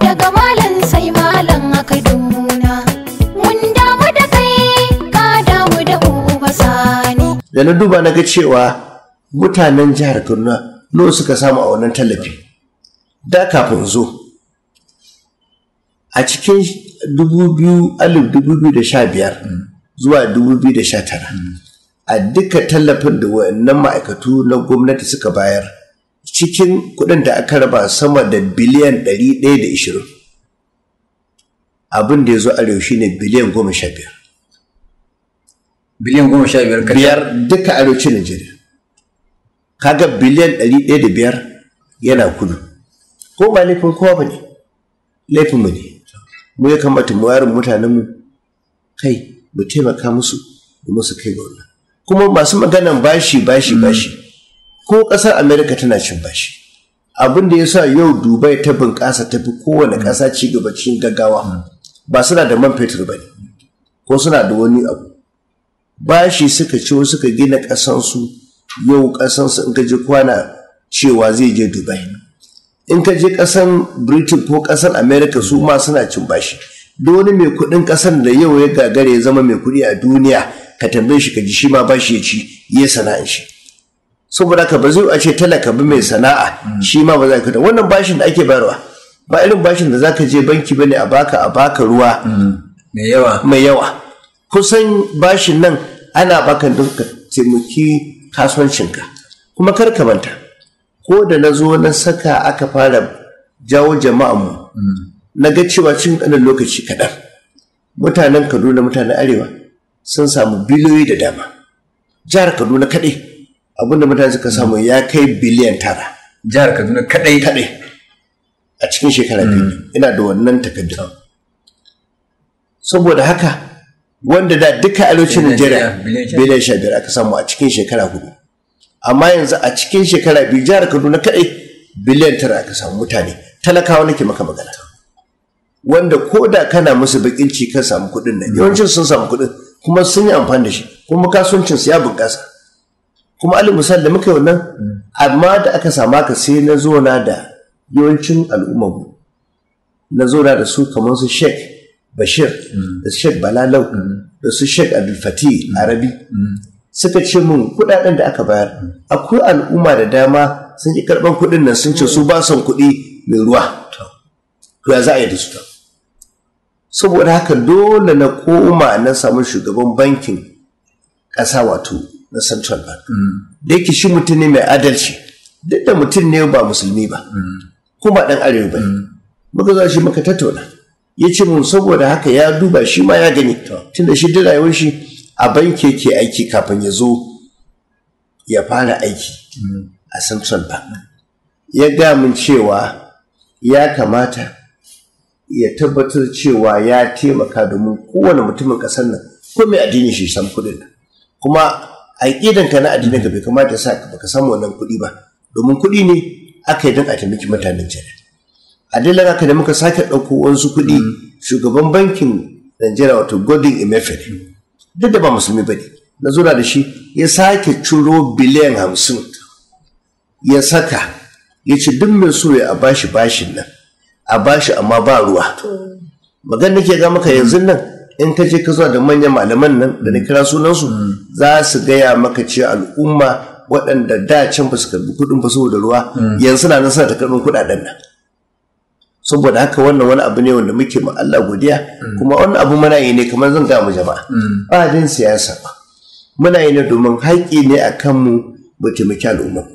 daga malam sai malam aka mun damu da kai ka damu da uba sani da na duba na ga cewa mutanen jihar Kaduna nawa suka samu a wannan tallafi da kafin zo a cikin 2015 zuwa 2019 a duka tallafin da wannan ma'aikatu na gwamnati suka bayar cikin kuɗin da aka raba sama da biliyan ɗari ɗaya da ishirin abin da ya zo arewa shi ne biliyan goma sha biyar biliyan goma sha biyar biyar duka arewacin najeriya kaga biliyan ɗari ɗaya da biyar yana kudu ko ba laifin kowa ba ne laifin ba ne mu ya kamata mu yarin mutanenmu kai mu taimaka musu da musu kai ga wannan kuma masu maganan bashi bashi bashi ko ƙasar Amerika tana cin bashi abin da ya sa yau dubai ta bunƙasa ta fi kowane ƙasa ci gaba cikin gaggawa ba suna da man fetur ba ne ko suna da wani abu bashi suka ci suka gina ƙasansu yau ƙasansu in ka je kwana cewa zai je dubai in ka je ƙasan britain ko ƙasan Amerika su ma suna cin bashi duk wani mai kuɗin ƙasan da yau ya gagare ya zama mai kuɗi a duniya ka tambaye shi ka ji shi ma bashi ya ci ya sana'a shi saboda ka ba zai a ce talaka ba mai sana'a shi ma ba za ka da wannan bashin da ake bayarwa ba irin bashin da za ka je banki bane a baka a baka ruwa mai yawa mai yawa kusan bashin nan ana baka don ka taimaki kasuwancinka kuma kar ka manta ko da na zo na saka aka fara jawo jama'a mu na ga cewa cin ɗanin lokaci kaɗan mutanen kaduna mutanen arewa sun samu biliyoyi da dama jihar kaduna kaɗai abinda mutane suka samu ya kai biliyan tara jihar kaduna kadai kadai a cikin shekara biyu hmm. ina da wannan takardun saboda haka wanda da duka alocin najeriya biliyan sha biyar aka samu a cikin shekara hudu amma yanzu a cikin shekara biyu jihar kaduna kadai biliyan tara aka samu mutane talakawa nake maka magana wanda ko da kana musu bakin ci kan samu kuɗin nan yawancin sun samu kuɗin kuma sun yi amfani da shi kuma kasuwancinsu ya bunƙasa kuma alin misal da muka yi wannan amma da aka sama ka sai na zo da yawancin al'ummarmu na zo da su kamar su sheik bashir da su sheik balalau da su sheik abdulfati arabi suka ce mun kudaden da aka bayar akwai al'umma da dama sun ki karban kudin nan sun ce su ba son kuɗi mai ruwa to ya za a yi da su saboda haka dole na koma na samu shugaban bankin ƙasa wato na central bank mm. da yake shi mutum ne mai adalci duk da mutum ne ba musulmi ba mm. kuma ɗan arewa ba mm. muka zo shi muka tattauna ya ce mu saboda haka ya duba shi ma ya gani da shi duk rayuwar shi a banki yake aiki kafin ya zo ya fara aiki a central bank ya ga min cewa ya kamata ya tabbatar cewa ya taimaka domin kowane mutumin ƙasar nan ko mai addini shi san kuɗin kuma aƙidan ka na addinin ka bai kamata sa baka samu wannan kuɗi ba domin kuɗi ne aka yi don a taimaki mutanen can a dalilan haka da muka sake ɗauko wasu kuɗi mm. shugaban bankin Najeriya wato Golden Emefiele duk da ba musulmi ba ne na zura da shi ya sake ciro biliyan hamsin ya saka ya ci duk mai so ya a bashi bashin nan a bashi amma ba ruwa magana nake ga maka yanzu nan in ka je ka zuwa da manyan malaman nan da na kira sunansu hmm. za su gaya maka ce al'umma waɗanda da can ba su karbi kuɗin ba saboda ruwa hmm. yanzu na nan suna ta karɓin kuɗaɗen nan saboda haka wannan wani abu ne wanda muke ma Allah godiya hmm. kuma wannan abu muna yi ne kamar zan gamu jama'a ba din siyasa ba muna yi ne domin haƙƙi ne a kanmu mu taimaki al'umma